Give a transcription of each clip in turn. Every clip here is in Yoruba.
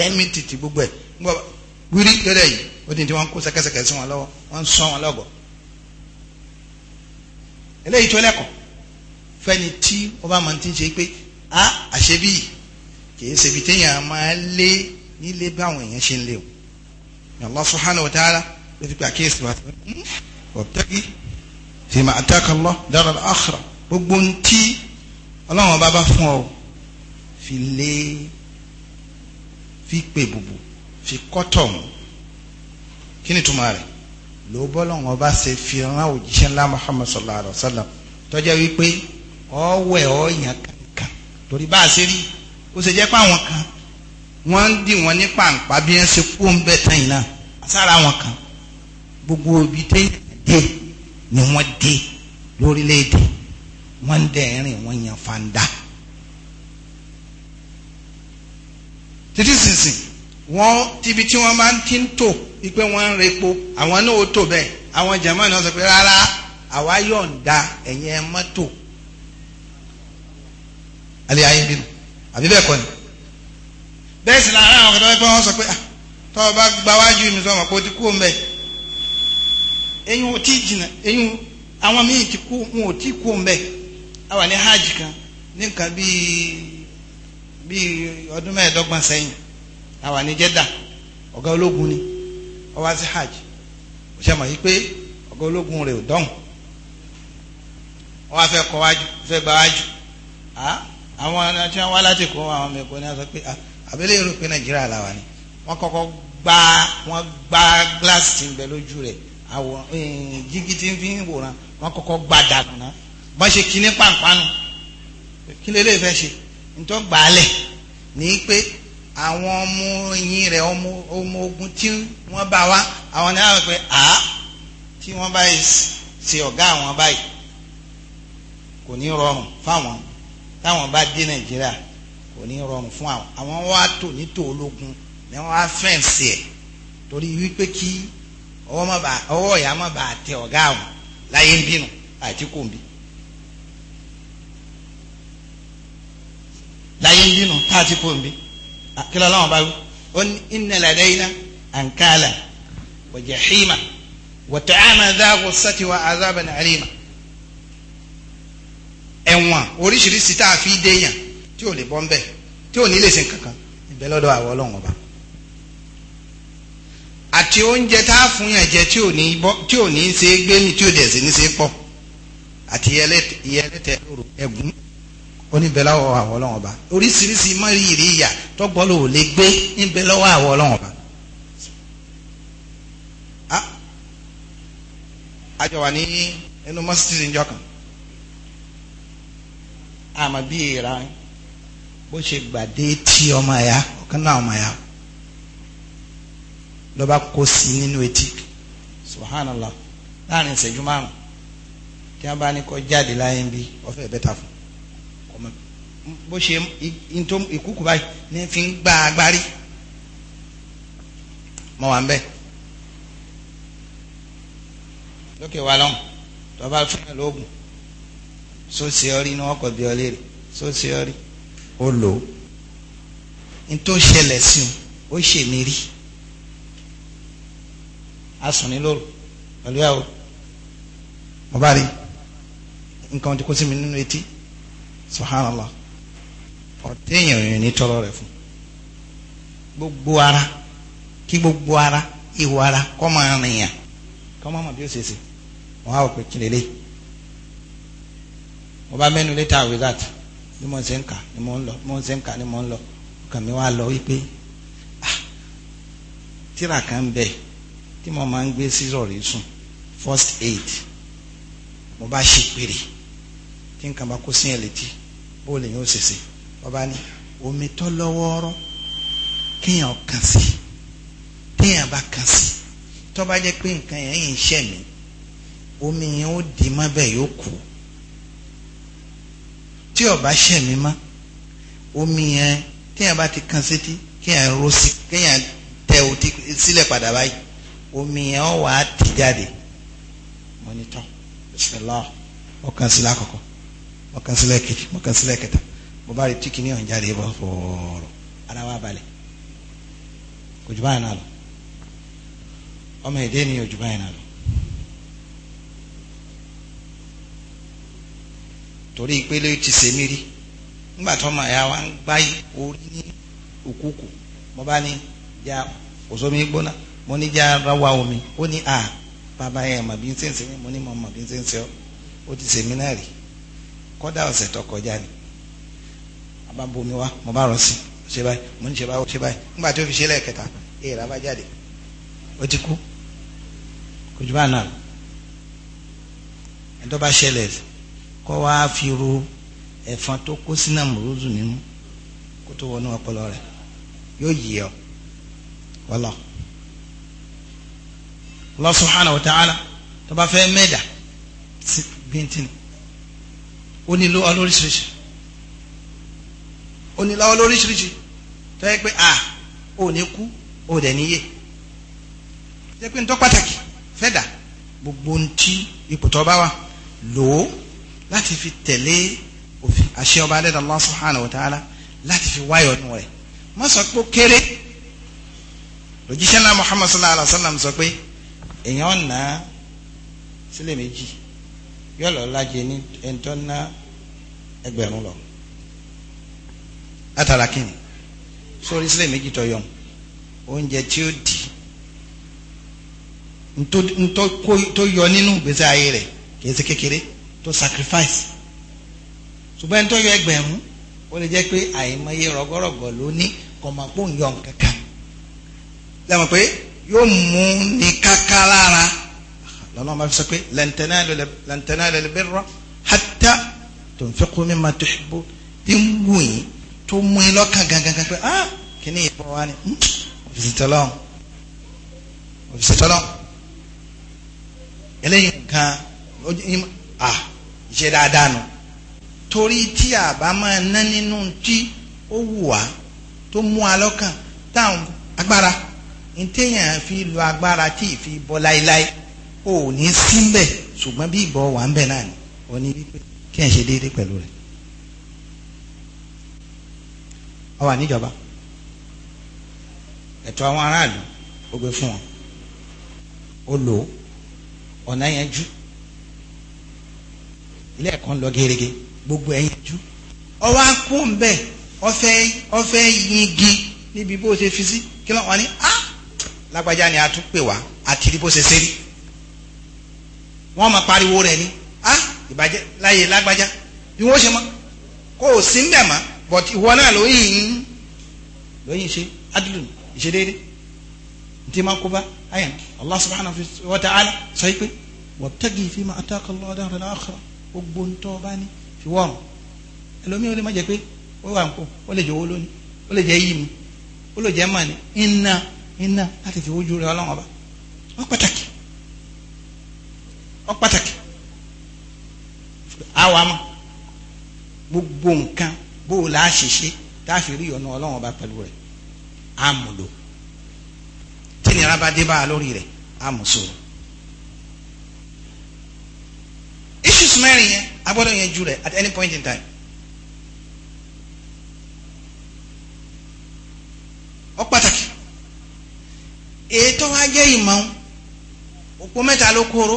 tẹ́mítì ti gbogbo ẹ̀ gbọ́ wírí lọ́dẹ̀ yìí ó di ní tí wọ́n ń kó sẹ́kẹ́sẹ́kẹ́ sí wọn lọ́wọ́ wọ́n ń sọ wọn lọ́gọ̀ eléyìí tó lẹ́kọ̀ọ́ fẹ́ni tí ó bá máa ti ń ṣe pé a àṣebí kìí ṣebí téèyàn máa lé nílé báwọn èèyàn ṣe ń lé o Allah subhanahu wa ta'ala ló fi pé àkíyèsí wa wabtagi fima ataka Allah daral akhirah gbogbo ntí ọlọ́run ọba bá fún ọ fi lé fi pè bùbù fi kọ́tọ̀ hùn kí ni túmọ̀ rẹ̀ ló bọ́lọ́hún ọba ṣe fi rán òjíṣẹ́ ńlá Muhammad sallallahu alayhi wa sallam tọ́jà wípé ọ̀wẹ̀ ọ̀yàn kankan torí bá a ṣe rí ó ṣe jẹ́ pé àwọn kan wọ́n ń dì wọ́n ní pàǹpá bí wọ́n ṣe kú ń tán yìí náà sára àwọn kan gbogbo ibi téèyàn dé ni wọ́n dé lórílẹ̀‐èdè wọ́n ń dẹ̀ rìn fanda. títí sísìn wọn tíbi tí máa ti ń tò wípé repo àwọn náà ó tò àwọn sọ pé rárá àwa yọ̀ǹda ẹ mọ́tò alẹ́ ayé bínú àbí bẹ́ẹ̀ kọ́ ni bẹ́ẹ̀ sì àwọn ma kó o ti kú o mẹ́ o ti jìnnà ti kú wọn ò ti kú o mẹ́ hajj kan ní nǹkan bíi. bíi ọdún mẹ́ẹ̀ẹ́dọ́gbọ̀n sẹ́yìn àwa ní Jẹ́dà ọ̀gá ológun ni ó wá sí hajj ó ṣe mọ̀ yí pé ọ̀gá ológun rẹ̀ ò dọ́hùn ó wá fẹ́ kọ́ wájú fẹ́ gba wájú àwọn tí wọ́n wá láti kó àwọn ọmọ ẹ̀kọ́ ní wọ́n sọ pé àbẹ́lẹ̀ èrò pé Nàìjíríà làwà ni wọ́n kọ́kọ́ gbá wọ́n gbá gíláàsì tí ń bẹ lójú rẹ̀ àwòrán eh, ń fi ń wòran wọ́n kọ́kọ́ gbá dànù náà bọ́n ṣe kíní pàǹpánu kí lélẹ́yìí fẹ́ ṣe nítorí gbàálẹ̀ ní pé àwọn ọmọ ẹ̀yìn rẹ̀ ọmọ ogun tí wọ́n bá wá àwọn ní àwọn pé à tí wọ́n bá ṣe ọ̀gá àwọn báyìí kò ní rọrùn fáwọn táwọn bá dé Nàìjíríà kò ní rọrùn fún àwọn àwọn wá tò nítò ológun ni wọ́n á fẹ́ǹsì ẹ̀ torí wípé kí ọwọ́ ọ̀yà má bàa tẹ ọ̀gá àwọn láyé ń bínú àti kò ń bí. láyé ń bínú tá a ti kó ń bí kí ló láwọn bá wí ó ní inna ladayna ankala wa jahima wa ta'ama dha ghussati wa azaban alima ẹ̀wọ̀n oríṣiríṣi tá a fi déyàn tí ò lè bọ́ ń bẹ̀ tí ò ní lè sin kankan ìbẹ́ lọ́dọ̀ àwọn ọlọ́run ọba àti oúnjẹ tá a fún yàn jẹ tí ò ní ṣe é gbé mi tí ò dẹ̀ sí ní ṣe é pọ̀ àti ìyẹlẹ́tẹ̀ ẹ̀gún oníbẹ̀láwọ̀ àwọ̀ ọlọ́run ba, oríṣiríṣi mọ́rìírí ìyà tọ́gbọ́lò ò lè gbé níbẹ̀láwọ̀ àwọ̀ ọlọ́run ba. a jọ wà ní ẹnu mọ́sítìrì níjọ kan àmọ́ bí ìra bó ṣe gbàdé tí ọmọ ẹ̀yà ọ̀kan náà ọmọ ẹ̀yà lọ́ba kó sí nínú etí subhanallah láàrin ìṣẹ́jú márùn-ún tí wọ́n bá ní kó jáde láyé ń bí ọ̀fẹ́ bẹ́ta fún bó ṣe ìkúkú báyìí ní fi ń gba agbárí mọ wà ń bẹ lókè wa lọ́hùn tó bá fún ẹ lóògùn sóòsì ọrí ni wọn kọ bí ọlẹ́rì sóòsì ọrí ó lò ó n tó ṣẹlẹ̀ sí un ó ṣe mí rí a sùn ní lóru pẹ̀lú ìyàwó mo bá rí nǹkan tí kò sí mi nínú etí subhanallah ọ̀tẹ̀yìn òyìn ní tọ́lọ́ rẹ̀ fún gbogbo ara kí gbogbo ara ìwọ ara kọ́ máa rìn yàn kọ́ máa mọ̀ bí ó ṣe ṣe wọ́n á wò pé kílè lé mo bá mẹ́nu létà wíwáàtì ni mo ń ṣe ń kà ni mo ń lọ mo ń ṣe ń kà ni mo ń lọ ọkàn mi wá lọ wípé ah, tíra kan bẹ tí mo máa ń gbé sísọ rí sùn first aid mo bá ṣe péré tí nǹkan bá kó sí ẹ̀ létí bó lè yín ó ṣe ṣe ọba ni omi tó lọ́wọ́ọ́rọ́ kéèyàn kàn sí téèyàn bá kàn sí tó bá jẹ́ pé nǹkan yẹn yìí ń ṣẹ̀ mí omi yẹn ó dì mọ́ bẹ́ẹ̀ yóò kú tí ó bá ṣẹ̀ mí omi yẹn téèyàn bá ti kàn sétí kéèyàn ró sí kéèyàn tẹ òtí sílẹ̀ padà báyìí omi yẹn ó wàá tì jáde mọ́nítọ́ bisimilá ọkàn sílẹ̀ àkọ́kọ́ ọkàn sílẹ̀ kejì ọkàn sílẹ̀ kẹta. bari tiki ni onjari bo foro ara wa bale ko juba na lo o me de ni o juba na lo tori ipele ti se miri ngba to ma ya wa ngbai ori ni okuku mo ba ni ja ozo mi gbona mo omi o ni a baba ya ma bi nsense mo ni mo ma bi nsense o o ti seminary kọdà bá ń bomi wá mo bá rọ sí ṣe báyìí mo ń ṣe báyìí ṣe báyìí nígbà tí fi ṣe lẹ́ẹ̀kẹta èèrà bá jáde ó ti kú kò jù bá náà ẹni tó bá ṣẹlẹ̀ kọ́ wá fi ru ẹ̀fọn tó kó sínú àmúrúzù nínú kó tó wọnú ọpọlọ rẹ yóò yí ọ wọlọ. Allah subhanahu wa ta'ala tó bá fẹ́ sí bíntín ó nílò oníláwọ́ lóríṣiríṣi tó yẹ pé ah ò ní kú ò dẹ̀ níyè jẹ́ pé nítorí pàtàkì fẹ́dà gbogbo ń tí ipò tó bá wà lò ó láti fi tẹ̀lé òfin àṣẹ ọba adẹ́dàá Allah subhanahu wa ta'ala láti fi wáyọ̀ nù rẹ̀ má sọ pé ó kéré lójíṣẹ́ Muhammad sallallahu alayhi wa sallam sọ pé èèyàn nà á sílẹ̀ méjì yọ̀ọ́ lọ́ọ́ lájẹ ní ẹ̀ńtọ́ ná ẹgbẹ̀rún lọ látara kíni sórí sílẹ̀ méjì tó yọm oúnjẹ tí ó dì tó yọ nínú gbèsè ayé rẹ̀ kìí kékeré tó sacrifice ṣùgbọ́n ẹni tó yọ ẹgbẹ̀rún ó lè jẹ́ pé àìmọye rọgọ́rọgọ́ ló ní kọ̀mọ̀pọ̀ ń yọ nǹkan kan lẹ́mọ̀ pé yóò mú ní káká lára lọ́nà máa fi sọ pé lẹ́ntẹ́nà lẹ́lẹ́bẹ̀rọ hátà tó ń fẹ́ kó mímọ́ tó ṣubú tí ń wù yín tó mú ẹ lọ́kàn gangan pé ah kíní ìbọn wa ni hmm, òfìsì tọ́lọ́hún òfìsì tọ́lọ́hún eléyìí nǹkan ah ìṣe dáadáa nù torí tí àbá máa ná nínú tí ó wù wá tó mú a lọ́kàn táwọn agbára ntẹ̀yàn fi lo agbára tí ì fi bọ́ láéláé ò ní síbẹ̀ ṣùgbọ́n bí ìbọn wà ń bẹ̀ náà ni ò ní wípé kí ẹ̀ ṣe déédéé pẹ̀lú rẹ̀. ó wà níjọba ẹ̀tọ́ àwọn aráàlú ó gbé fún wọn ó lò ó ọ̀nà yẹn jú ilé ẹ̀kọ́ ń lọ gerege gbogbo ẹ̀yìn jú ọwọ́ akó ń bẹ̀ ọfẹ́ ọfẹ́ yingi níbi bó ṣe fi sí kí lọ́wọ́ ni á lágbájá ni a tún pè wá àti rí bó ṣe ṣe rí wọ́n máa pariwo rẹ̀ ni á ìbàjẹ́ láyé lágbájá bí wọ́n ṣe mọ́ kó o sí ń bẹ̀ mọ́ but ìwọ náà lóyìn lóyìn ṣe adìlù ìṣe déédéé ntí máa kó bá ayàn allah subhanahu wa ta'ala sọ yìí pé wabtagi fima ataka allah dara al-akhirah gbogbo ntọ́ bá ní fi wọ́n ẹlòmíràn lè má jẹ pé ó wà nǹkó ó lè jẹ owó lónìí ó lè jẹ yìí ni ó lè jẹ mà ní iná iná láti fi wójú rẹ ọlọ́wọ́n ọba ó pàtàkì ó pàtàkì àwa ma gbogbo nǹkan bó o la ṣèṣe tá a fi rí ọ̀nà ọlọ́run ọba pẹ̀lú rẹ̀ á mú lò tí nira bá bá a lórí rẹ̀ á mú sòrò. issues mẹ́rin yẹn a gbọ́dọ̀ yanjú rẹ̀ at any point in time. ó pàtàkì ètò ajé ìmọ̀ òpó mẹ́ta ló kóró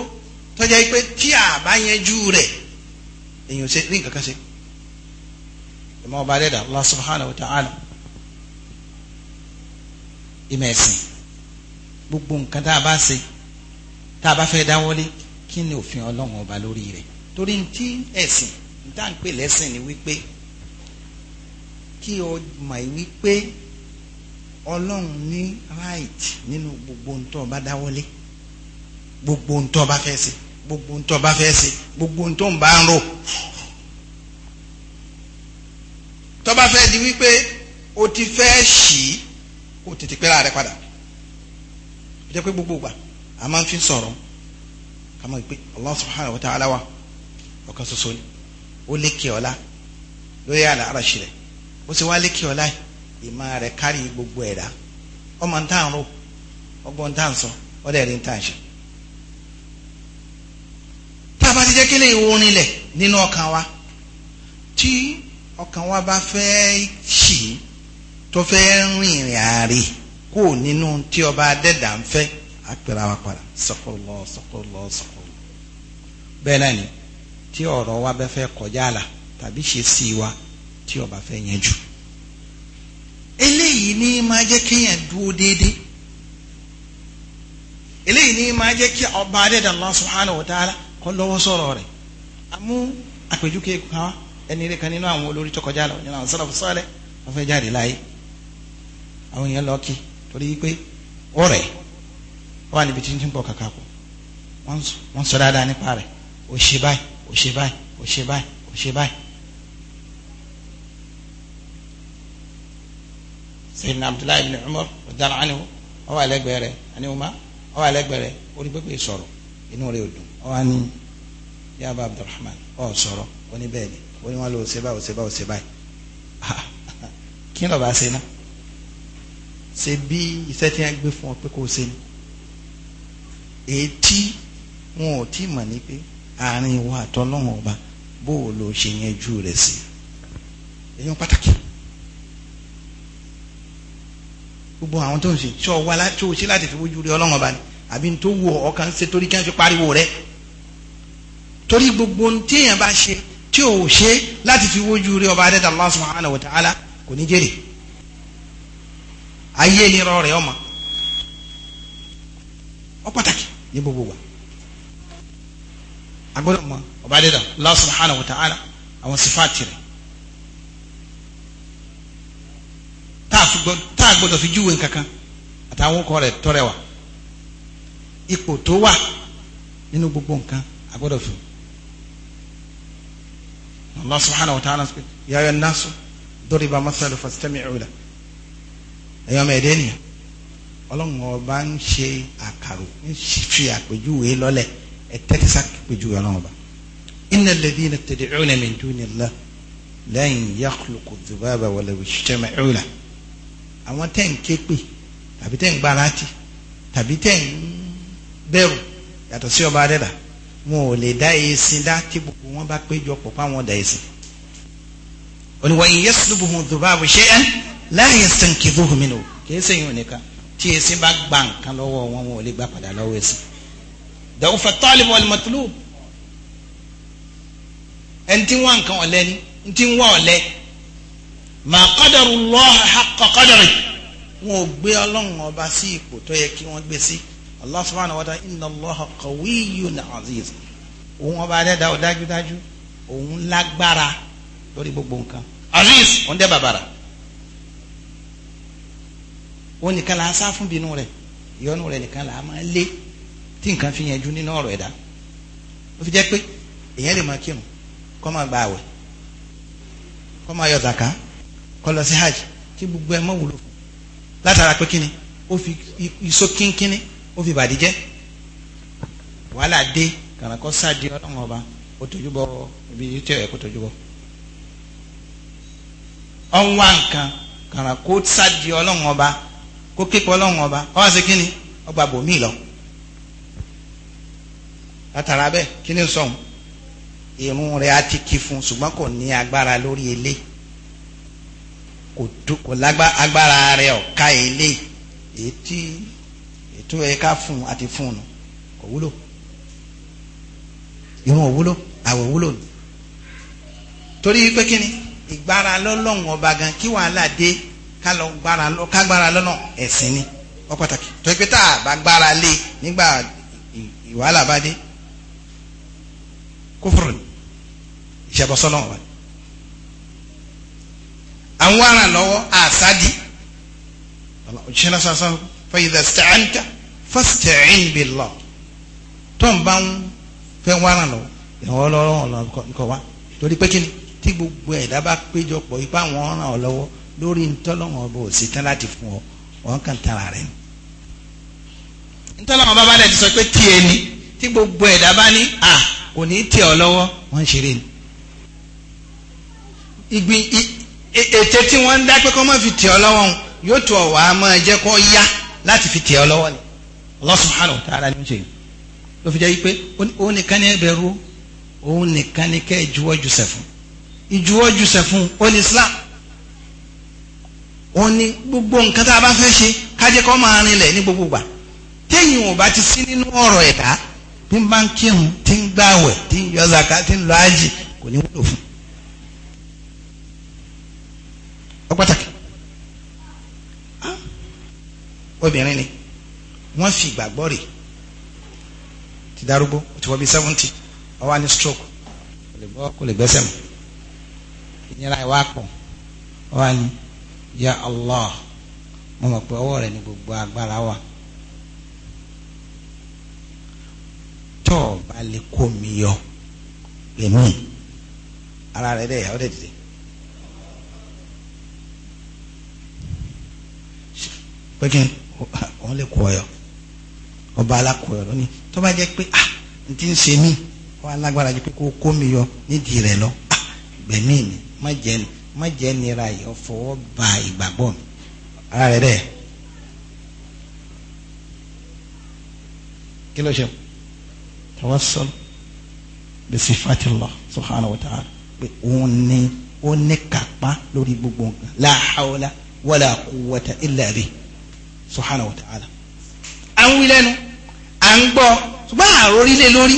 tọ́jà yìí pé tí a bá yanjú rẹ̀ èèyàn ṣe rí nǹkan kan ṣe ìmọ̀ ọba dẹ́dà Allah subhanahu wa ta'ala ìmọ̀ ẹ̀sìn gbogbo nǹkan tá a bá ṣe tá a bá fẹ́ dáwọ́lé kí ni òfin ọlọ́run ọba lórí rẹ̀ torí ti ẹ̀sìn níta ń pè lẹ́sìn ni wípé kí o mọ̀ wípé ọlọ́run ní right nínú gbogbo ohun tó o bá dáwọ́lé gbogbo ohun tó o bá fẹ́ ṣe gbogbo ohun tó fẹ́ ṣe gbogbo ohun tó ń rò tó bá fẹ́ di wípé o ti fẹ́ ṣì kò tètè pẹ́ra rẹ padà jẹ́ pé gbogbo gbà a máa ń fi sọ̀rọ̀ ká mọ̀ pé Allah subhanahu wa ta'ala wa ọ̀kan ṣoṣo ni ó lékè ọ̀la lórí àlà àràṣì rẹ̀ bó ṣe wá lékè ọ̀la ìmọ̀ rẹ̀ kárí gbogbo ẹ̀dá ọmọ ń tàn rò ọgbọ́n ń tàn sọ ọdẹ rí ń tàn ṣe. tá a bá ti jẹ́ kí lè wo lẹ̀ nínú ọkàn wa tí ọkàn wa bá fẹ́ ṣì tó fẹ́ rìn ìrìn àárè kó nínú tí ọba adẹ́dà ń fẹ́ àpẹẹrẹ wa padà sọkọlọ sọkọlọ sọkọlọ bẹ́ẹ̀ náà ni tí ọ̀rọ̀ wa bá fẹ́ kọjá àlà tàbí ṣe sí wa tí ọba fẹ́ yẹn jù eléyìí ní máa jẹ́ kéèyàn dúró déédéé eléyìí ní máa jẹ́ kí ọba adẹ́dà Allah subhanahu wa kọ́ lọ́wọ́ sọ̀rọ̀ rẹ̀ àmú àpèjúkè kan ẹni rẹ kan nínú àwọn olórí tó kọjá lọ nínú àwọn sọlọfù sọlẹ wọn fẹẹ jáde láàyè àwọn èèyàn lọ kí torí pé ọrẹ wà níbi tí ń tí ń bọ kàkà kù wọn sọ dáadáa nípa rẹ ò ṣe báyìí ò ṣe báyìí ò ṣe báyìí ò ṣe báyìí. sayyidina abdullahi ibn umar ọ̀daràn ánìwò ọwọ́ àlẹ́gbẹ̀ẹ́ rẹ̀ ánìwò má ọwọ́ àlẹ́gbẹ̀ẹ́ rẹ̀ orí pépè sọ̀rọ̀ inú rẹ̀ ò dùn ọwọ́ àní yaba abdulrahman ọ̀ sọ̀rọ̀ oníbẹ̀ẹ́ni ó ní wọn lò ṣe báyìí ṣe báyìí ṣe báyìí ah, kí lọ́ba ṣe ná ṣe bí iṣẹ́ tí wọ́n gbé fún ọ pé kò ṣe ni ètí wọn ò tí mọ̀ ní pé àárín ìwọ àtọ́lọ́hún ọba bó o lò ṣe yẹn jù rẹ̀ sí èyàn pàtàkì gbogbo àwọn tó ń ṣe tí ọ wá tí ṣe láti fi wójú rí ọlọ́hún ọba ni àbí tó wù ọ kàn ṣe torí kí wọ́n fi pariwo rẹ̀ torí gbogbo ohun tí èèyàn bá ṣe tí ò ṣe láti fi wojú rí ọba adẹ́ta Allah subhanahu wa ta'ala kò ní jèrè ayé ni rọrẹ ọmọ ọ pàtàkì ní gbogbo wa agbọ́dọ̀ mọ ọba adẹ́ta Allah subhanahu wa ta'ala àwọn sifaati rẹ̀ tá a gbọ́dọ̀ fi júwe kankan àtàwọn kọ rẹ̀ tọrẹ wa ipò tó wà nínú gbogbo nǹkan agbọ́dọ̀ fi الله سبحانه وتعالى ta'ala sọ الناس ya ayyuhan nasu duriba أيام fastami'u lahu ẹ̀yọ́ mẹ́ ẹ̀dẹ́ nìyẹn ọlọ́run ọba ń ṣe àkàrò ń fi àpèjúwe lọ́lẹ̀ ẹ̀ tẹ́tí sàpèjúwe ọlọ́run ọba. innal ladhina tad'una min dunillah lan yakhluqu dhubaba walaw ijtama'u lahu. àwọn tẹ́ ń ké pè tàbí tẹ́ ń gbára tì tàbí tẹ́ ń bẹ̀rù yàtọ̀ sí ọba adẹ́dà wọn ò lè dá èsì dá tí gbogbo wọn bá péjọ pọ̀ fáwọn dá èsì. oníwàyí yaslubuhum dhubabu shay'an la yastanqidhuhu minhu kì í sẹ́yìn òníkan tí èsì bá gba nǹkan lọ́wọ́ wọn wọn ò lè gbà padà lọ́wọ́ èsì. da'ufa at-talib wal-matlub ẹni tí ń wá ni ń tí wọn ò gbé ọlọ́run ọba allah subhanahu wa ta'ala inna allah qawiyyun aziz òun ọba adẹ́dá ọ̀ dájúdájú òun lágbára lórí gbogbo nǹkan aziz òun dẹ́ bàbàrà òun nìkan là á sá fún bínú rẹ̀ ìyọnu rẹ̀ nìkan là á máa lé tí nǹkan fi yẹn ju nínú ọ̀rọ̀ ẹ̀dá ó fi jẹ́ pé èèyàn lè máa kírun kó máa gba àwẹ̀ kó máa yọ zaka kó lọ sí hajj kí gbogbo ẹ̀ mọ̀ wúlò látara pé kíni ó fi iṣó kínkínní ó fi bàdí jẹ́ wàhálà dé kàràkọ́ sáàdì ọlọ́run ọba ó tójú bọ ibi tí ó yẹ kó tójú bọ. ọ̀nwá nǹkan kàràkọ́ sáàdì ọlọ́run ọba kó kékeré ọlọ́run ọba kọ́ wá sí ọgbà bòmí lọ látara bẹ́ẹ̀ kí ni sọ̀hún irun rẹ̀ á ti kí fún ṣùgbọ́n kò ní agbára lórí ilé kò lágbára rẹ̀ ọ̀ka ilé èyí tí ètò ẹ̀ka fún àti fún un kò wúlò ìwọ̀n òwúlò àwọ̀ òwúlò ni torí pé kí ni ìgbára lọ́lọ́run ọba gan kí wàhálà dé ká lọ́nà ẹ̀sìn ni ó pàtàkì torí pé tá a bá gbára lé nígbà ìwàhálà bá dé kófòrò ni ìṣàbọ̀sọ́nà wà ní àwọn aràn lọ́wọ́ àṣádi òṣìṣẹ́ náà sọ́sọ́ fẹ́yìí dà sí àǹtà fasta'in billah tó ń bá ń fẹ́ wárà lọ ìrànwọ́ lọ́wọ́ nǹkan wá torí pé kí ni tí gbogbo ẹ̀dá bá péjọpọ̀ ipá wọn ràn ọ́ lọ́wọ́ lórí ntọ́lọ́wọ́n ọba òsìtán láti fún ọ wọn kàn tara rẹ ni. ntọ́lọ́wọ́n bá bá dẹ̀ ti sọ pé tiẹ̀ ni tí gbogbo ẹ̀dá bá ní à kò ní tiẹ̀ ọ lọ́wọ́ wọ́n ṣeré ni. ìgbìn ètè tí wọ́n ń dá pé kọ́ mọ́ fi tiẹ̀ ọ lọ́wọ́ yóò tó ọ̀wá máa jẹ́ kó yá láti fi tiẹ̀ ọ lọ́wọ́ ni. Allah subhanahu wa ta'ala ni ó ń ṣe ló fi jẹ́ yí pé òun nìkan ni ẹ bẹ̀rù òun nìkan ni kẹ́ ẹ juwọ́ jùsẹ̀ fún ìjuwọ́ jùsẹ̀ fún ó ní Islam òun ni gbogbo nǹkan tá a bá fẹ́ ṣe kájẹ́ kọ́ máa rinlẹ̀ ní gbogbo gbà téèyàn ò bá ti sí nínú ọ̀rọ̀ ẹ̀dá tí ń bá ń kírun tí ń gbàwẹ̀ tí ń yọ zaka tí ń lọ ájì kò ní wúlò fún ọ pàtàkì obìnrin ni wọ́n fi ìgbàgbọ́ rè ti darúgbó ó ti wọ́ bíi seventy ó wá ní stroke kò lè gbọ́ kò lè gbẹ́sẹ̀ mọ́ ìnira ìwà pọ̀ ó wá ní ya Allah mo mọ̀ pé ọwọ́ rẹ̀ ní gbogbo agbára wa tọ́ ọ bá lè kó mi yọ èmi ara rẹ̀ dẹ̀ ìyàwó dẹ̀ dìde. pé kí n lè kó ọ yọ ọba alákòóyọ lónìí tó bá jẹ́ pé ah n ti ń ṣe mí ó wá lágbára jù pé kó kó mi yọ nídìí rẹ̀ lọ ah gbẹ̀mí mi má jẹ́ ni má jẹ́ nira yìí ó fọwọ́ ba ìgbàgbọ́ mi ara rẹ̀ bẹ́ẹ̀ kí ló ṣe tawassul bi sifati Allah subhanahu wa ta'ala pé òun ni ó ní kápá lórí gbogbo nǹkan la hawla wala quwwata illa bi subhanahu à ń wí lẹ́nu à ń gbọ́ ṣùgbọ́n àròrí lé lórí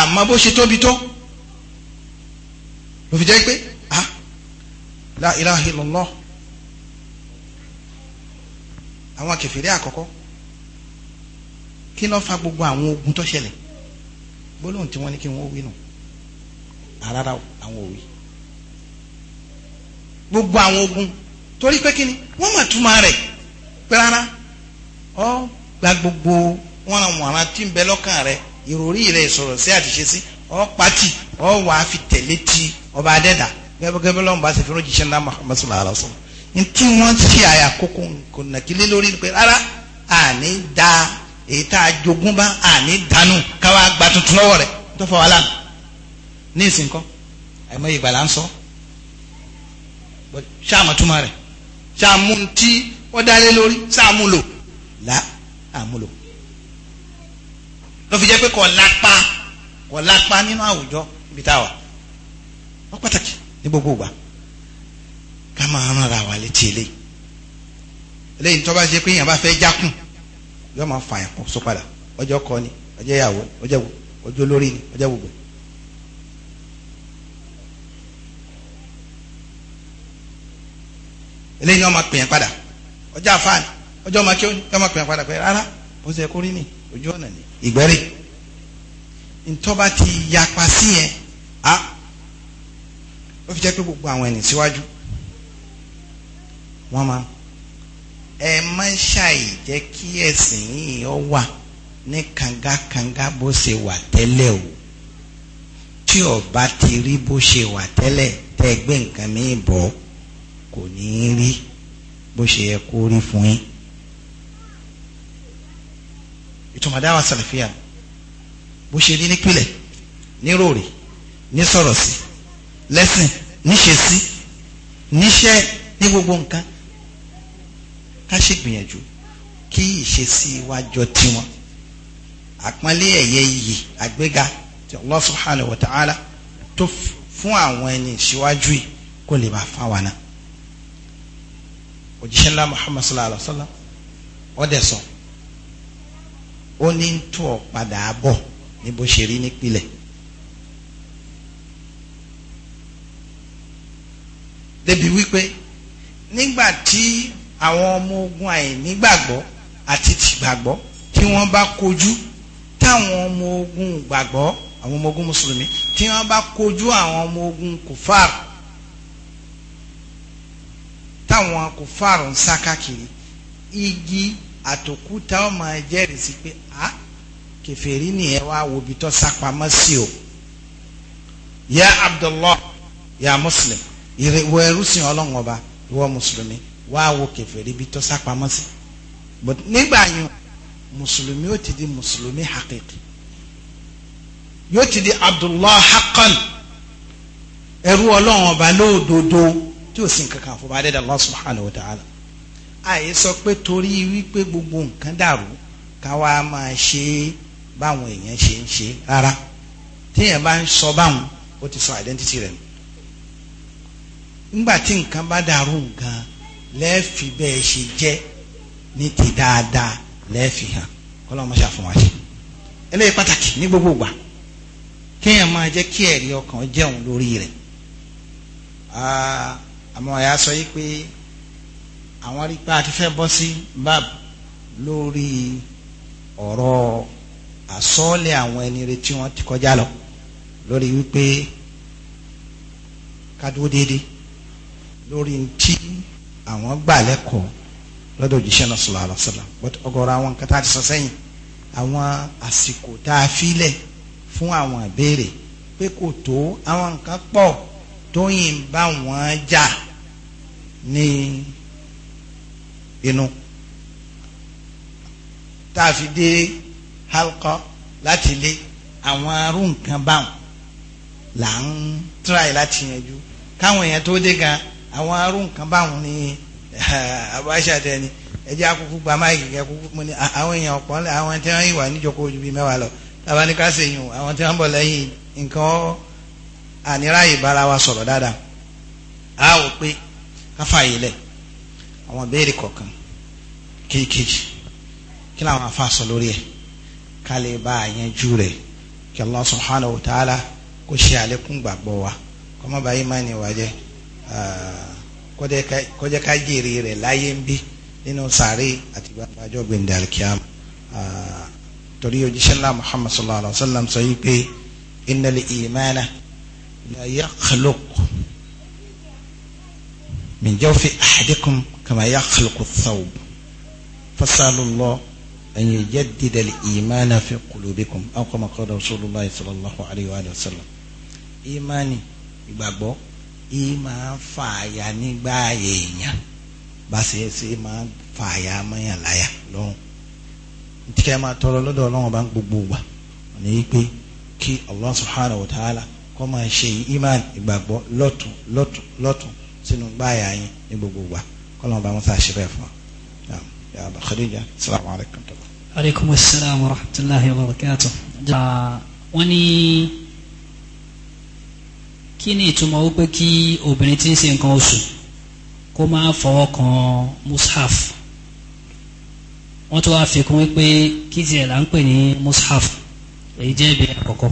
àmọ́ bó ṣe tóbi tó ló fi jẹ́ pé la ilaha illallah àwọn kèfèrí àkọ́kọ́ kí ló fa gbogbo àwọn ogun tó ṣẹlẹ̀ gbólóhùn tí wọ́n ní kí wọ́n wí nù àràrà àwọn òwe gbogbo àwọn ogun torí pé kí ni wọ́n mà túmọ̀ rẹ̀ pé rárá ọ gba gbogbo wọn àwọn àwọn tí ń bẹ lọ́kàn rẹ ìròrí rẹ sọ̀rọ̀ sí àtìṣe sí ọ pati ọ wà á fi tẹ̀lé ti ọba adẹ́dà gẹ́gẹ́ lọ́wọ́n bá ṣe fẹ́ràn jíṣẹ́ ńlá Muhammad sallallahu alaihi wasallam ní tí wọ́n ṣe àyà kókó kò nàkílé lórí pé rárá àní da èyí tá a jogún bá àní dànù káwá gba tuntun lọ́wọ́ rẹ̀ tó fọ wàhálà ní ìsìnkọ àìmọ ìgbàlá ń sọ ṣáà mọ̀túmọ̀ rẹ̀ ṣáà mú ti ó dálé lórí sàmúlò là àmúlò ló fi jẹ́ pé kò lápá kò lápá nínú àwùjọ ibi tá a wà ó pàtàkì ní gbogbo ìgbà ká máa rán ara wa létí eléyìí eléyìí tó bá ṣe pé èèyàn bá fẹ́ jákùn yóò máa fà yàn pọ̀ sọ padà ọjọ́ kọ ni ọjọ́ ìyàwó ọjọ́ ọjọ́ lórí ni ọjọ́ gbogbo. eléyìí ni wọ́n máa pè yàn padà ọjọ́ àfáàní ọjọ́ ọmọ akéwọ́n kí wọ́n máa pè é padà pé rárá bó ṣe kó rí ni ojú ọ̀nà ni ìgbẹ́rẹ́ ntọ́ba ti yapa sí yẹn a ó fi jẹ́ pé gbogbo àwọn ẹni síwájú wọ́n máa ẹ má ṣàì jẹ́ kí ẹ̀sìn yìí ọ wà ní kangakanga bó ṣe wà tẹ́lẹ̀ o tí ọba ti rí bó ṣe wà tẹ́lẹ̀ tẹ́ nǹkan mi bọ̀ kò ní í rí bó ṣe yẹ kó rí fún yín ìtumọ̀ dáwà sàlàfíà bó ṣe rí nípìlẹ̀ níròrè ní sọ̀rọ̀ sí lẹ́sìn níṣe sí níṣẹ́ ní gbogbo nǹkan ká ṣe gbìyànjú kí ìṣesí wa jọ tiwọn àpọ́nlé ẹ̀yẹ iyì àgbéga tí Allah subhanahu wa ta'ala tó fún àwọn ẹni ìṣíwájú yìí kó lè bá fáwọn náà òjíṣẹ́ ńlá muhammad sallallahu alaihi wa sallam ọ̀dẹ̀ sọ ó ní ń tó ọ padà bọ̀ ní bó ṣe rí nípìlẹ̀. débi wípé nígbà tí àwọn ọmọ ogun àìnígbàgbọ́ àti tìgbàgbọ́ tí wọ́n bá kojú táwọn ọmọ ogun gbàgbọ́ àwọn ọmọ ogun mùsùlùmí tí wọ́n bá kojú àwọn ọmọ ogun kùfàrù táwọn kò fàrùn sá káàkiri igi àtòkúta ọmọ ẹjẹrìí pé a kẹfẹrí nìyẹn wá wòbí tó sápamọ́ sí o ya Abdullah ya Muslim ìwọ ẹrú sìn Ọlọ́run ọba ìwọ mùsùlùmí wá wo kẹfẹrí bí tó sápamọ́ sí but nígbà yẹn mùsùlùmí ó ti di mùsùlùmí hakiki yóò ti di Abdullah haqqan ẹrú Ọlọ́run ọba lóòdodo tí ò sí nǹkan kan àfọwọ́ adẹ́dàá Allah subhanahu wa ta'ala àyè sọ pé torí wípé gbogbo nǹkan dàrú káwa máa ṣe báwọn èèyàn ṣe ń ṣe rárá téèyàn bá ń sọ báwọn ó ti sọ identity rẹ̀ nù ńgbà tí nǹkan bá dàrú nǹkan lẹ́ẹ̀fì bẹ́ẹ̀ ṣe jẹ́ ní ti dáadáa lẹ́ẹ̀fì hàn kọ́lọ́ ma ṣàfihàn wá ṣe eléyìí pàtàkì ní gbogbo ìgbà kéèyàn máa jẹ́ kí ẹ̀rí ọkàn jẹun lórí rẹ̀ àmọ́ ọ̀yà sọ yìí pé àwọn rí pé a ti fẹ́ bọ́ sí bab lórí ọ̀rọ̀ àsọ́ọ̀lẹ̀ àwọn ẹni rẹ̀ tí wọ́n ti kọjá lọ lórí wípé kádúró déédéé lórí ntí àwọn gbà lẹ́kọ̀ọ́ lọ́dọ̀ òjíṣẹ́ náà sallallahu alaihi wasallam but ọ̀gọ̀rọ̀ àwọn nǹkan tá a ti sọ sẹ́yìn àwọn àsìkò tá a filẹ̀ fún àwọn ìbéèrè pé kò tó àwọn nǹkan pọ̀ tóyìn bá wọn jà ní inú tá a fi dé halqa láti lé àwọn arú nǹkan báwọn là ń tíráì láti yanjú káwọn èèyàn tó dé gan àwọn arú nǹkan báwọn ní abáṣàtẹ ni eh, ẹjẹ akókó gba máìkì kẹkókó mo ní ah, àwọn èèyàn ọ̀pọ̀ àwọn tí wọ́n yìí wà níjókòó ju bíi mẹ́wàá lọ tábà ní ká ṣèyàn àwọn tí wọ́n bọ̀ lẹ́yìn nǹkan ọ́ àníráyè bára wa sọ̀rọ̀ dáadáa a ò pé káfààyè lẹ̀ àwọn béèrè kọ̀ọ̀kan kéékèèjì kí làwọn afa sọ lórí ẹ̀ ká lè bá a yanjú rẹ̀ kí Allah subhanahu wa ta'ala kó ṣe àlékún gbàgbọ́ wa kó má bàa ìmánì wa jẹ́ kó ká jèrè rẹ̀ láyé ń bí nínú sàárè àti gbàgbàjọ́ gbẹ̀ndẹ̀ alikiyama torí òjíṣẹ́ ńlá Muhammad sallallahu alaihi wa sallam sọ yìí pé innal imana la yakhluq min jawfi ahadikum kama yakhluqu thawb fasalu Allah an yujaddida al-imana fi qulubikum aw kama qala rasulullah sallallahu alayhi wa sallam imani ìgbàgbọ́ ìmà fààyà nígbà èèyàn bá ṣe ṣe máa fààyà mọ́yàn láyà lọ́rùn tí kẹ́ máa tọrọ lọ́dọ̀ ọlọ́run bá ń gbogbo wa ní pé kí Allah subhanahu wa ta'ala kọ́ máa ṣe iman ìgbàgbọ́ lọ́tún lọ́tún lọ́tún sínú gbáyà yín ní gbogbo wa kọ́lọ́n bá musa ṣe bẹ́ẹ̀ fún wa Khadija salamu alaykum. aleykum salaam wa rahmatulahi wa barakatuh. wọ́n ní kí ni ìtumọ̀ wípé kí obìnrin tí ń ṣe nǹkan oṣù kó máa fọwọ́ kan mushaf wọ́n tún wá fi kún wípé kí tiẹ̀ là ń pè ní mushaf èyí jẹ́ ibi àkọ́kọ́.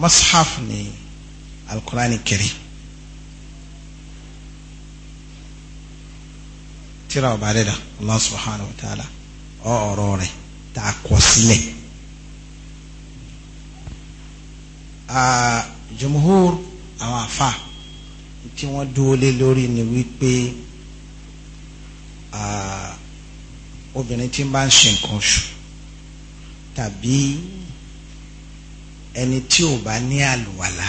mushaf ni alukurani kiri tírà ọba adẹ́dà allah subhanahu wa ta'ala ọ ọ̀rọ̀ rẹ̀ tá a kọ sílẹ̀ jumhur àwọn afa tí wọ́n dúólé lórí ni wípé obìnrin tí ń bá ṣe nǹkan oṣù tàbí ẹni tí ò bá ní àlùwàlá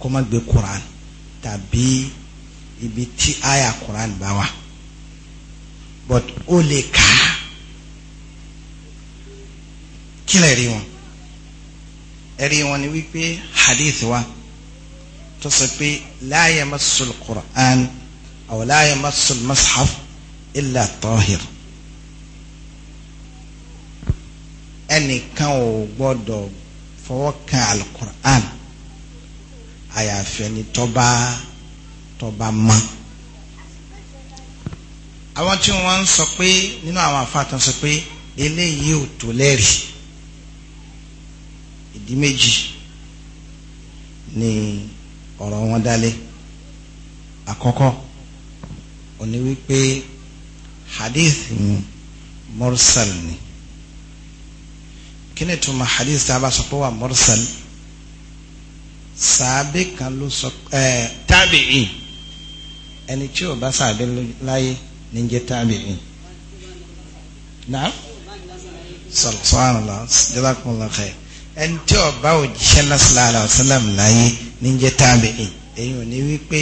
kó má gbé quran tàbí ibi tí àyà quran bá wà but ó lè kà á kílẹ̀ rí wọn ẹ̀rí wọn ni wípé hadith wa tó sọ pé la yamassul quran aw la yamassul mushaf illa tahir. ẹnìkan ò gbọ́dọ̀ fọwọ́ kan alukur'an àyàfẹ́ ni tọ́ba tọ́ba ma. àwọn tí wọ́n ń sọ pé nínú àwọn afáàtàn sọ pé eléyìí ò tó lẹ́rìí ìdí méjì ni ọ̀rọ̀ wọn dálé àkọ́kọ́ òní wípé hadith mursal ni kí ni tuma hadith tá a bá sọ pé wà mursal sàábé kan ló sọ ẹ tábìí ẹni tí o bá sàábé láyé ní jẹ tábìí náà sọlọ́sọ́nàlá jẹ́lákùnlá kẹ́ ẹni tí o bá òjíṣẹ́ lásìláàlá ọ̀sálàmù láyé ní jẹ tábìí èyí ò ní wípé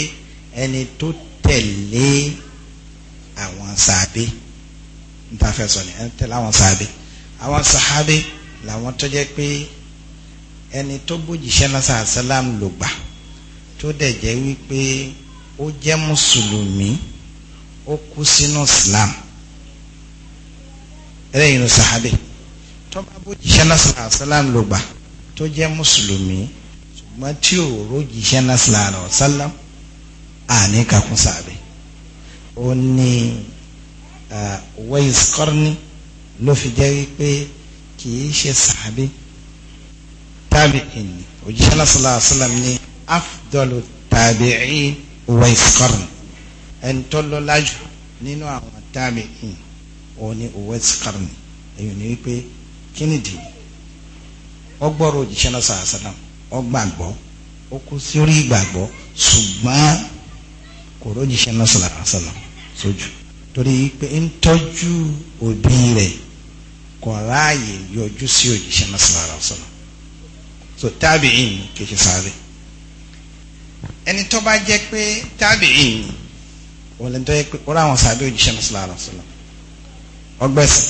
ẹni tó tẹ̀lé àwọn sàábé ń ta fẹ́ sọ ni ẹni àwọn sàábé àwọn sàábé làwọn tó jẹ́ pé ẹni tó bójìṣẹ́ lọ́sàn àṣálàm ló gbà tó dẹ̀ jẹ́ wípé ó jẹ́ mùsùlùmí ó kú sínú islam ẹlẹ́yìn ló sàhábì tó bá bójìṣẹ́ lọ́sàn àṣálàm ló gbà tó jẹ́ mùsùlùmí ṣùgbọ́n tí ò rójìṣẹ́ lọ́sàn àṣálàm àní kakún sàbẹ̀ ó ní uh, wẹ́ẹ́sì kọ́rní ló fi jẹ́ wípé kìí ṣe sàbí tabi'in òjíṣẹ́ lásìlá àṣìlám ní afdọ́lù tabi'in Uwais Qarn ẹni tó lọ́lá jù nínú àwọn tabi'in òun ni Uwais Qarn èyí ni wípé kí ni dì ó gbọ́rọ̀ òjíṣẹ́ lásìlá àṣìlám ó gbàgbọ́ ó kú sórí ìgbàgbọ́ ṣùgbọ́n kò rójíṣẹ́ lásìlá àṣìlám sójú torí pé ń tọ́jú òbí rẹ̀ kò ráàyè yọjú sí òjíṣẹ́ náà sallallahu alaihi wasallam so tábìín in kìí sáré ẹni tó bá jẹ́ pé tábìín ni wọ́n lè tọ́ yẹ pé ó ráwọn sáré òjíṣẹ́ náà sallallahu alaihi wasallam ọgbẹ́sìn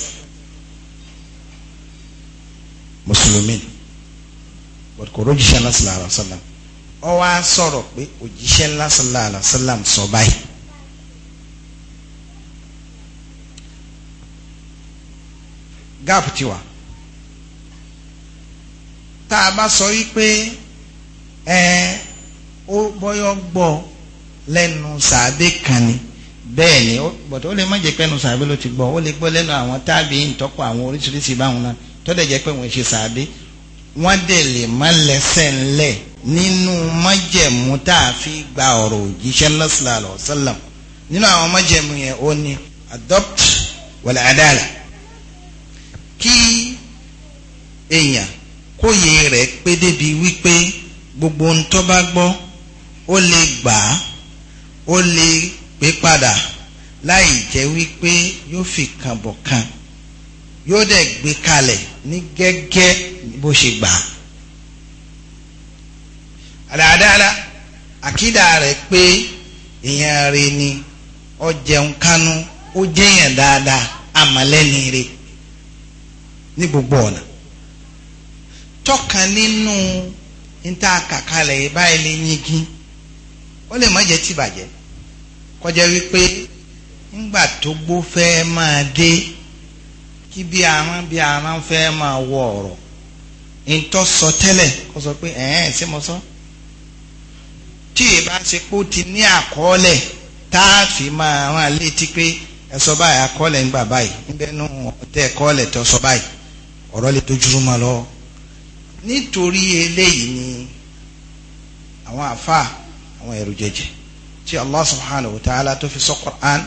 mùsùlùmí kò rójíṣẹ́ náà sallallahu alaihi wasallam ó wá sọ̀rọ̀ pé òjíṣẹ́ náà sallallahu alaihi wasallam sọ báyìí. gáàpù ti wà tá a bá sọ wípé ẹ ó bọ́yọ́ gbọ́ lẹ́nu sàábé kan ni bẹ́ẹ̀ ni bọ̀dọ̀ ó lè má jẹ́ pé ẹnu sàábé ló ti gbọ́ ó lè gbọ́ lẹ́nu àwọn tábì ìtọ́pọ̀ àwọn oríṣiríṣi báwọn náà tọ́dẹ̀ jẹ́ pé wọ́n ṣe sàábé wọ́n dẹ̀ lè má lẹ́sẹ̀ ńlẹ̀ nínú májẹ̀mú tá a fi gba ọ̀rọ̀ òjíṣẹ́ lọ́sàlá lọ́sàlá nínú àwọn májẹ̀mú yẹn ó ní adopt wal adala kí èèyàn kóye rẹ̀ pé débi wípé gbogbo ń tó bá gbọ́ ó lè gbà á ó lè pé padà láì jẹ́ wípé yóò fi kànbọ̀ kan yóò dẹ̀ gbé kalẹ̀ ní gẹ́gẹ́ bó ṣe gbà á. àdáadáa àkídà rẹ̀ pé èèyàn rẹ̀ ni ó jẹun kánú ó jẹ́yàn dáadáa àmọ́lẹ́ni rẹ̀. ní gbogbo ọ̀nà tọ́kan nínú níta kàkálẹ̀ báyìí lè yingi ó lè má jẹ́ tí bàjẹ́ kọjá wípé ńgbà tó gbó fẹ́ máa dé kí bí aran bí aran fẹ́ máa wọ ọ̀rọ̀ ntọ́ sọ tẹ́lẹ̀ kó sọ pé sí mo sọ tí ìbá ṣe pé ó ti ní ọ̀rọ̀ lè dojú rú ma lọ nítorí eléyìí ni àwọn àfáà àwọn ẹ̀rù jẹjẹ tí Allah subhanahu wa ta'ala tó fi sọ Qur'an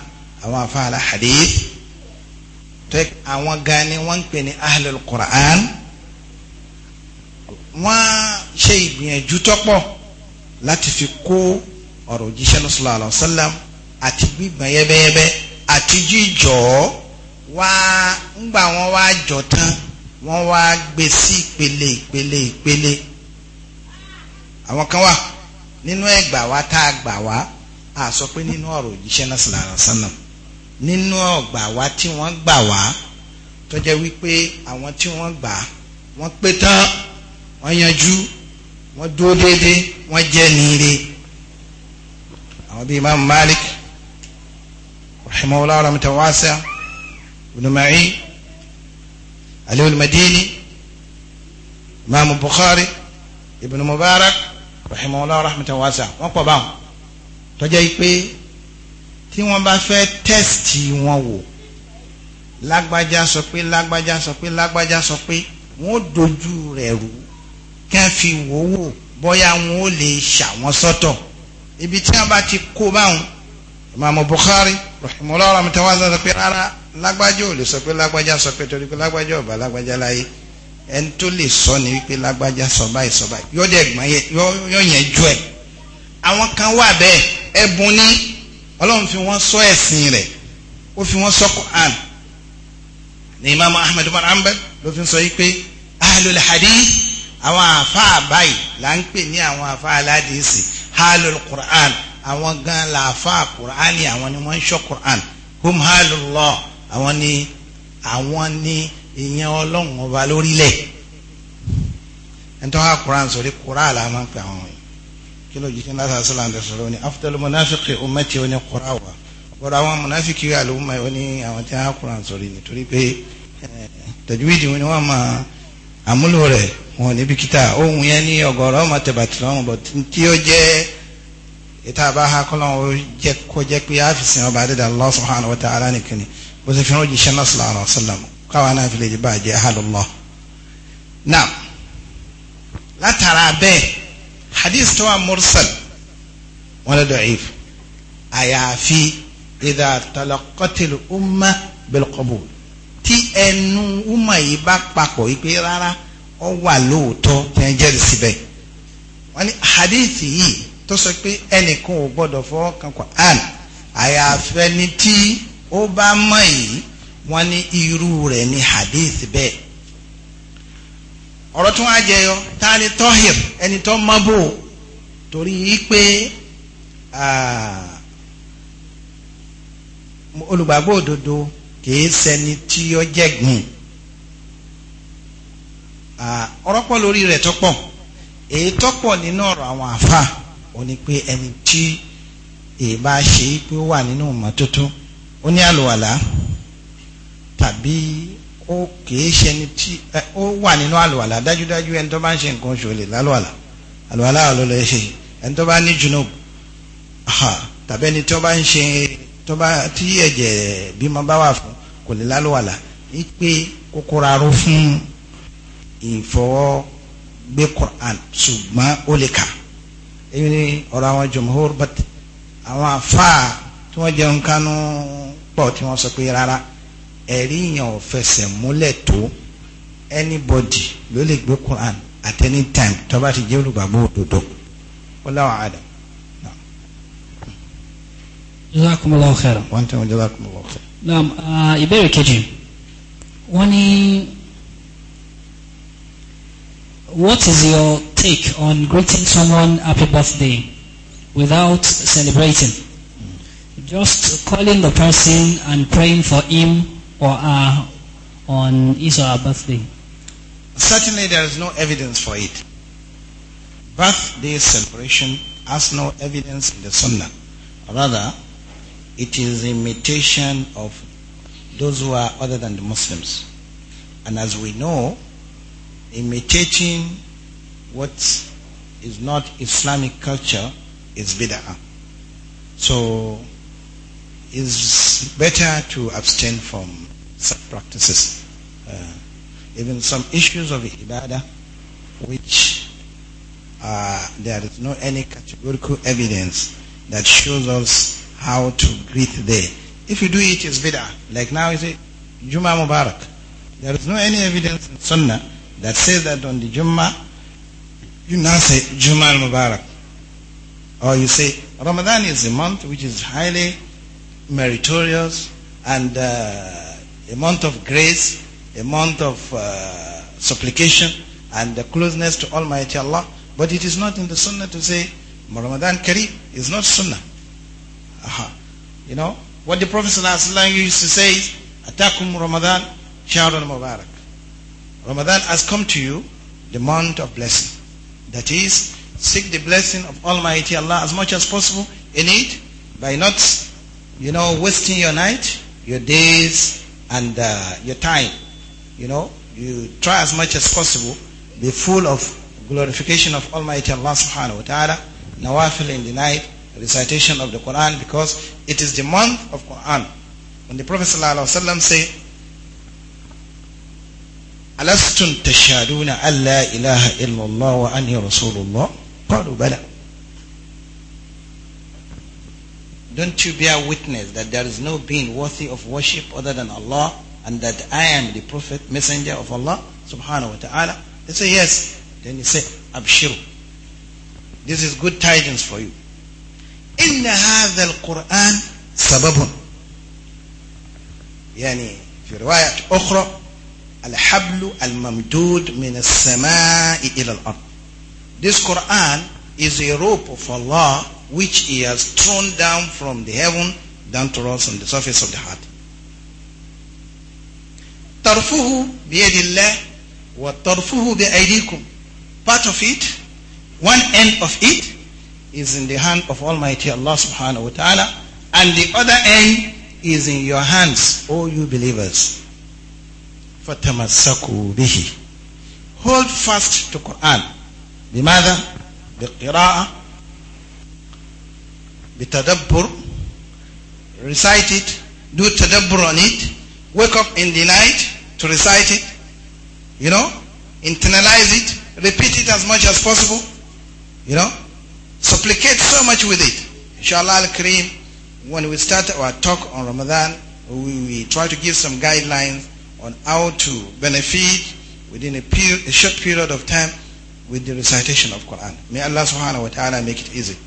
àwọn àfáà la hadith tó àwọn gan ni wọ́n ń pè ní ahlul Qur'an wọ́n ṣe ìgbìyànjú tọ́pọ̀ láti fi kó ọ̀rọ̀ òjíṣẹ́ náà sallallahu alaihi wasallam àti gbígbọ̀n yẹ́bẹ́yẹ́bẹ́ àti jíjọ́ wá ńgbà wọn wá jọ tán wọ́n wá gbé sí ìpele ìpele ìpele àwọn kan wà nínú ẹgbà wa tá a gbà wá a sọ pé nínú ọ̀rọ̀ òjíṣẹ́ náà sallallahu alaihi wasallam nínú ọgbà wa tí wọ́n gbà wá tó jẹ́ wípé àwọn tí wọ́n gbà wọ́n pé tán wọ́n yanjú wọ́n dúró déédéé wọ́n jẹ́ níire àwọn bíi Imam Malik rahimahullah rahmatan wasi'a Ibn Ma'i aliyu al-madini imaamu bukhari ibn mubarak rahimahullah rahmatan wasa wọn pọ̀ báwọn tọ́jà yìí pé tí wọ́n bá fẹ́ tẹ́sítì wọn wò lágbájá sọ pé lágbájá sọ pé lágbájá sọ pé wọ́n dojú rẹ̀ rú kẹ́ fi wò wò bóyá wọn ò lè ṣàwọn sọ́tọ̀ ibi tí wọ́n bá ti kó báwọn imaamu bukhari rahimahullah rahmatan wasa sọ pé rárá lágbájá ò lè sọ pé lágbájá sọ pé torí pé lágbájá ò bá lágbájá láyé ẹni tó lè sọ ni wípé lágbájá sọ báyìí sọ báyìí yóò dẹ̀ gbọ́n yóò yẹn jù ẹ̀ àwọn kan wà bẹ́ẹ̀ ẹ̀bùn ni ọlọ́run fi wọ́n sọ ẹ̀sìn rẹ̀ ó fi wọ́n sọ Qur'an ní imaamu ahmed umar ambal ló fi sọ yìí pé ahlul hadith àwọn àfáà báyìí là ń pè ní àwọn àfáà aládìsí ahlul Qur'an àwọn gan la àfáà Qur'an àwọn ni wọ́n ń sọ Qur'an hum ahlullah àwọn ni àwọn ni ìyẹn ọlọ́run ọba lórílẹ̀ ẹ̀ńtọ́ ha Quran sórí Quran la máa ń pè àwọn yìí kí ló jíjìn láti àṣìlá àti sọ̀rọ̀ ni afdal munafiki umeti oní Quran wa ọ̀gọ́dọ̀ àwọn munafiki àlùmọ̀ ẹ̀ oní àwọn tí ha Quran sórí nítorí pé tajwidi wọn ni wọ́n máa àmúlò rẹ̀ wọn níbi kíta ohun yẹn ní ọ̀gọ̀rọ̀ ọmọ tẹ̀bàtì lọ́wọ́ bọ̀ tí ó jẹ́ ìta bá ha kọ́ kó jẹ́ pé àfìsìn ọba adéda Allah subhanahu wa ta'ala nìkan ni bó ṣe fẹ́ràn òjíṣẹ́ náà sallallahu alaihi wasallam káwa náà fi lè jẹ́ bàjẹ́ ahàlùlọ́. now látara bẹ́ẹ̀ hadith tó wà mursal wọn lè da'if àyàfi idha talaqatil umma bil qabul tí ẹnu umma yìí bá papọ̀ yìí pé rárá ọ wà lóòótọ́ tí wọ́n jẹ́rìí síbẹ̀ wọ́n ní hadith yìí tó sọ pé ẹnìkan ò gbọ́dọ̀ fọwọ́ kan Qur'an àyàfẹ́ni tí ó bá mọ̀ yìí wọ́n ní irú rẹ̀ ní hadith bẹ́ẹ̀ ọ̀rọ̀ tí á jẹyọ ta ni tọ́hìr ẹni tó mọ́ bò torí pé olùgbàgbọ́ òdodo kìí ṣẹni tí ó jẹ̀gbìn ọ̀rọ̀ pọ̀ lórí rẹ̀ tó pọ̀ èyí tó pọ̀ nínú ọ̀rọ̀ àwọn àfa ò ní pé ẹni tí èyí bá ṣe pé ó wà nínú mọ́tótó ó ní àlùwàlá tàbí ó kìí ṣe ni tí ó wà nínú àlùwàlá dájúdájú ẹni tó bá ń ṣe nǹkan oṣù lè lálùwàlá àlùwàlá ló lè ṣe ẹni tó bá ní junub tàbí ẹni tó bá ń ṣe tó bá tí ẹ̀jẹ̀ bímọ bá wà fún kò lè lálùwàlá ipe kókóra ró fún ìfọwọ́ gbé Qur'an ṣùgbọ́n ó lè kà èyí ọ̀rọ̀ àwọn jumhur but àwọn afáà tí wọ́n jẹun kánú pọ̀ tí wọ́n sọ pé rárá ẹ̀rí yẹn ò fẹsẹ̀ múlẹ̀ tó anybody ló lè gbé Quran at any time tó bá ti jẹ́ olùgbàgbọ́ òdodo ó láwọn àdá. jazakumullahu khairan. wọ́n tẹ́ wọn jazakumullahu khairan. naam ìbéèrè kejì wọ́n ní what is your take on greeting someone happy birthday without celebrating? just calling the person and praying for him or her on his or her birthday? Certainly, there is no evidence for it. Birthday celebration has no evidence in the Sunnah. Rather, it is imitation of those who are other than the Muslims. And as we know, imitating what is not Islamic culture is bid'ah. So it is better to abstain from such practices. Uh, even some issues of ibadah which uh, there is no any categorical evidence that shows us how to greet there. If you do it, it's bid'ah. Like now you say, Juma Mubarak. There is no any evidence in Sunnah that says that on the Juma you now say Juma Mubarak. Or you say Ramadan is a month which is highly meritorious and uh, a month of grace, a month of uh, supplication and the closeness to Almighty Allah. But it is not in the Sunnah to say Ramadan Kareem is not Sunnah. Uh-huh. You know, what the Prophet ﷺ used to say is, Atakum Ramadan Sharan Mubarak. Ramadan has come to you, the month of blessing. That is, seek the blessing of Almighty Allah as much as possible in it by not you know, wasting your night, your days, and uh, your time. You know, you try as much as possible, be full of glorification of Almighty Allah subhanahu wa ta'ala, nawafil in the night, recitation of the Quran, because it is the month of Quran. When the Prophet sallallahu alaihi wasallam said, ألستم تشهدون أن إله إلا الله وأني رسول الله قالوا بلى Don't you bear witness that there is no being worthy of worship other than Allah and that I am the prophet, messenger of Allah subhanahu wa ta'ala? They say yes. Then you say, Abshiru. This is good tidings for you. إن هذا القرآن سبب يعني في رواية أخرى الحبل الممدود من السماء إلى الأرض This Quran is a rope of Allah which he has thrown down from the heaven down to us on the surface of the heart. طرفه wa tarfuhu part of it one end of it is in the hand of Almighty Allah subhanahu wa ta'ala and the other end is in your hands all you believers فتمسكوا به hold fast to Quran بماذا بالقراءة recite it, do tadabbur on it, wake up in the night to recite it, you know, internalize it, repeat it as much as possible, you know, supplicate so much with it. Inshallah al-Kareem, when we start our talk on Ramadan, we, we try to give some guidelines on how to benefit within a, a short period of time with the recitation of Quran. May Allah subhanahu wa ta'ala make it easy.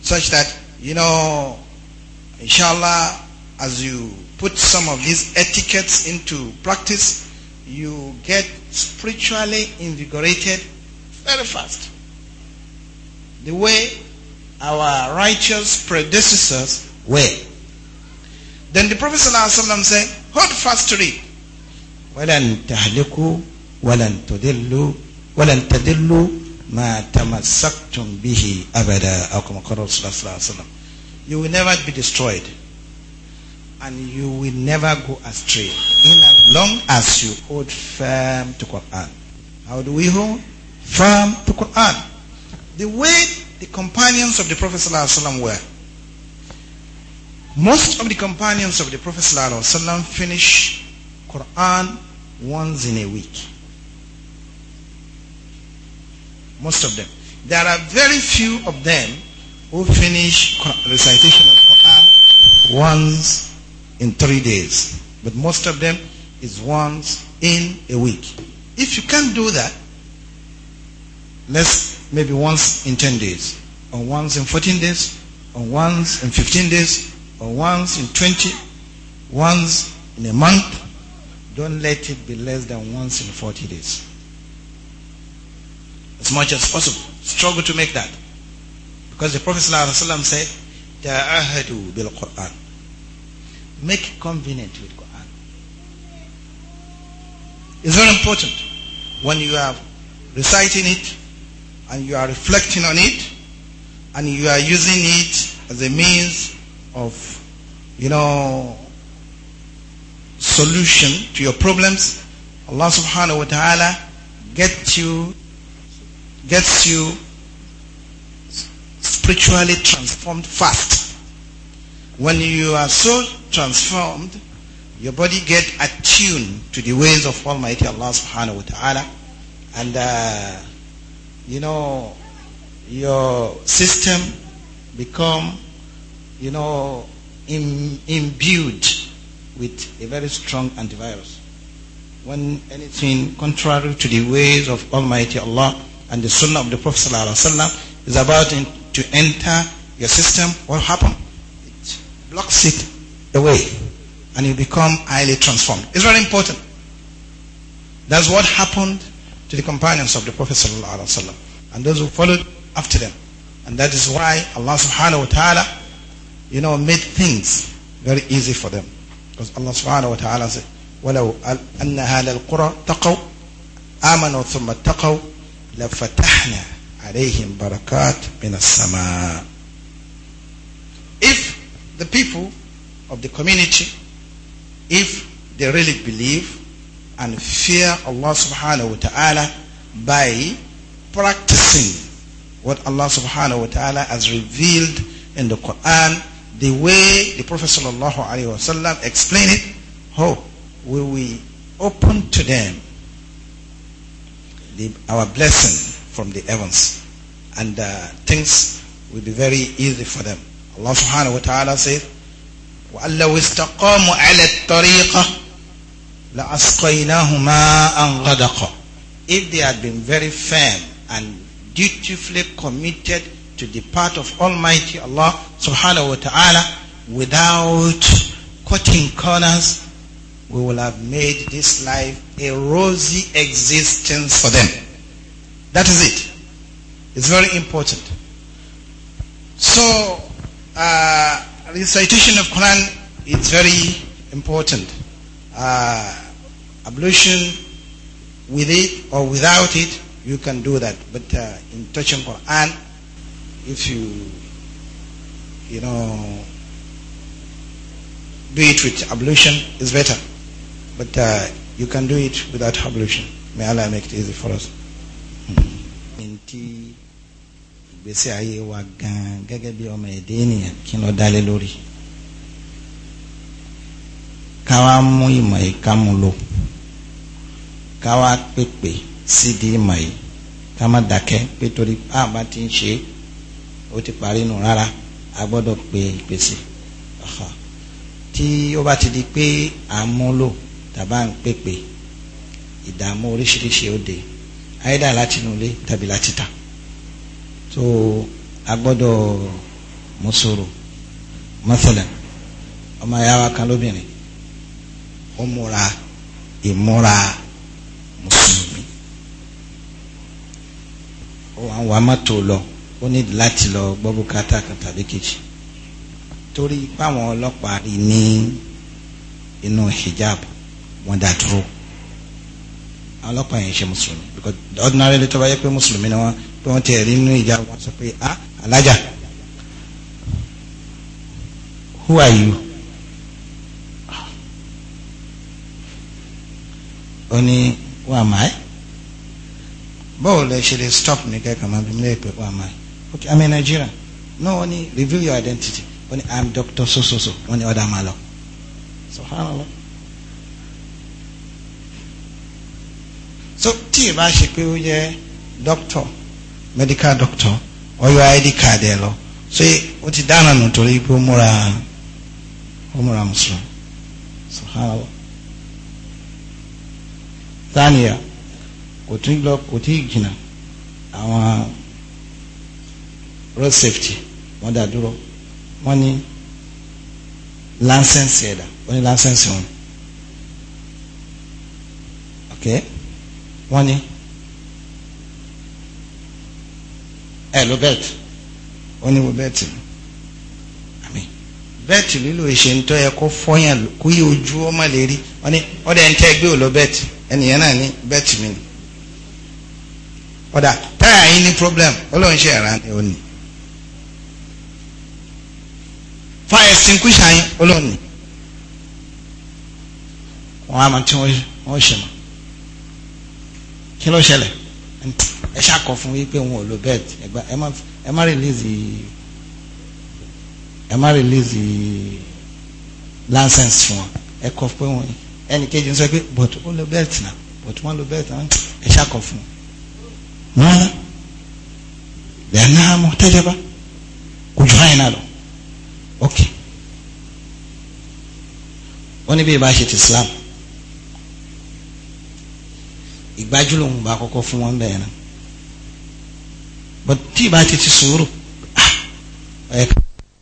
Such that you know, inshallah, as you put some of these etiquettes into practice, you get spiritually invigorated very fast. The way our righteous predecessors were. Then the Prophet said, Hold fast to it. وَلَن تَهْلِكُوا وَلَن تَدِلُّوا وَلَن تَدِلُّوا ma tamassaktum bihi abada sallam. You will never be destroyed and you will never go astray in as long as you hold firm to Quran. How do we hold? Firm to Quran. The way the companions of the Prophet ﷺ were. Most of the companions of the Prophet ﷺ finish Quran once in a week most of them. There are very few of them who finish recitation of Quran once in three days. But most of them is once in a week. If you can't do that, let's maybe once in 10 days, or once in 14 days, or once in 15 days, or once in 20, once in a month. Don't let it be less than once in 40 days as much as possible. Struggle to make that. Because the Prophet ﷺ said, Ta'ahadu bil Quran. Make it convenient with Quran. It's very important when you are reciting it and you are reflecting on it and you are using it as a means of, you know, solution to your problems. Allah subhanahu wa ta'ala get you gets you spiritually transformed fast. When you are so transformed, your body gets attuned to the ways of Almighty Allah subhanahu wa ta'ala. And, uh, you know, your system become, you know, Im- imbued with a very strong antivirus. When anything contrary to the ways of Almighty Allah and the sunnah of the Prophet ﷺ is about in, to enter your system, what happens? It blocks it away and you become highly transformed. It's very important. That's what happened to the companions of the Prophet ﷺ and those who followed after them. And that is why Allah subhanahu wa ta'ala, you know, made things very easy for them. Because Allah subhanahu wa ta'ala said, وَلَوْ أَنَّ هَذَا الْقُرَى تَقَوْا آمَنُوا ثُمَّ اتَّقَوْا لفتحنا عليهم من السماء if the people of the community if they really believe and fear Allah subhanahu wa ta'ala by practicing what Allah subhanahu wa ta'ala has revealed in the Quran the way the Prophet sallallahu alaihi wasallam explained it how oh, will we open to them the, our blessing from the heavens. And uh, things will be very easy for them. Allah subhanahu wa ta'ala says, وَأَلَّوْ اسْتَقَامُوا عَلَى الطَّرِيقَةِ لَأَسْقَيْنَاهُمْ أَنْغَدَقَ." If they had been very firm and dutifully committed to the path of Almighty Allah subhanahu wa ta'ala without cutting corners we will have made this life a rosy existence for them. That is it. It's very important. So, uh, recitation of Quran is very important. Uh, ablution with it or without it, you can do that. But uh, in touching Quran, if you, you know, do it with ablution, it's better. But uh, you can do it without ablution. May Allah make it easy for us. Hmm. Nti ìgbésí ayé wa gan gẹ́gẹ́ bí ọmọ èdè ènìyàn kí n lọ dálé lórí. Ká wá mú ìmọ̀ yìí ká mú lò. Ká wá pèpè sídìí ìmọ̀ yìí. Ká má dákẹ́ pé torí bá ti ń ṣe é ó ti parí nù rárá a gbọ́dọ̀ pè é pèsè tí ó bá ti di pé à tàbá ń pèpè ìdààmú oríṣiríṣi òde àyídà láti inú ilé tàbí láti ta so a gbọ́dọ̀ mùsùlù mọ́sálẹ̀ ọmọ ìyá wa kan lóbìnrin ó múra ìmúra mùsùlùmí ó wà ń wa mọ́tò lọ ó ní láti lọ gbọ́ bùkátà kan tàbí kejì torí báwọn ọlọ́pàá rí ní inú hijab. No wọ́n dá dúró ọlọ́pàá yẹn ṣe mùsùlùmí because ordinarily tó bá yẹ pé mùsùlùmí ni wọ́n pé wọ́n ti rí inú ìjà wọn sọ pé ah alájà who are you ó ní who am I báwo lè ṣe lè stop ní kẹ́kọ̀ọ́ máa bí mi lè pè who am I okay I'm a Nigerian no wọ́n ní reveal your identity wọ́n ní I'm doctor so so so wọ́n ní ọ̀dà máa lọ subhanallah. so tí ì bá ṣe pé ó jẹ́ doctor medical doctor ó yọ id card ẹ lọ so ó ti dáná nù torí pé ó múra ó múra mùsùlùmí subhanallah taniya kò tí lọ kò tí jìnnà àwọn road safety wọ́n dá dúró wọ́n ní láńsẹ̀nsì ẹ̀dá wọ́n ní láńsẹ̀nsì wọn ok wọ́n ní ẹ ló bẹ́ẹ̀tì wọ́n ní mo bẹ́ẹ̀tì àmì bẹ́ẹ̀tì lílo ìṣe ń tọ́ yẹ kó fọ́yàn kó yí ojú ọmọ lè rí wọ́n ní ọ̀dẹ̀ ń tẹ́ gbé ò lọ ẹnìyẹn náà ní bẹ́ẹ̀tì mi ni ọ̀dà táyà yín ní problem ọlọ́run ṣe ẹ̀rá ni ó ní fire extinguisher yín ọlọ́run ní wọ́n á máa tí wọ́n ṣe mọ́ kí ló ṣẹlẹ̀ ẹ ṣàkọ fún yín pé òun ò lo belt ẹgbà ẹ má ẹ má release ẹ má release license fún wọn ẹ kọ pé wọn ẹnì kejì ń sọ pé but ó lo belt náà but wọn lo belt náà ẹ ṣàkọ fún wọn lẹ́yìn náà mo tẹ́jọ́ bá kò jù báyìí náà lọ ok wọ́n ní bí ibà ṣe ti Islam ìgbájú lòun bá kọ́kọ́ fún wọn bẹ́ẹ̀ náà but tí ìbá ti ti sùúrù ah, ẹ̀ka.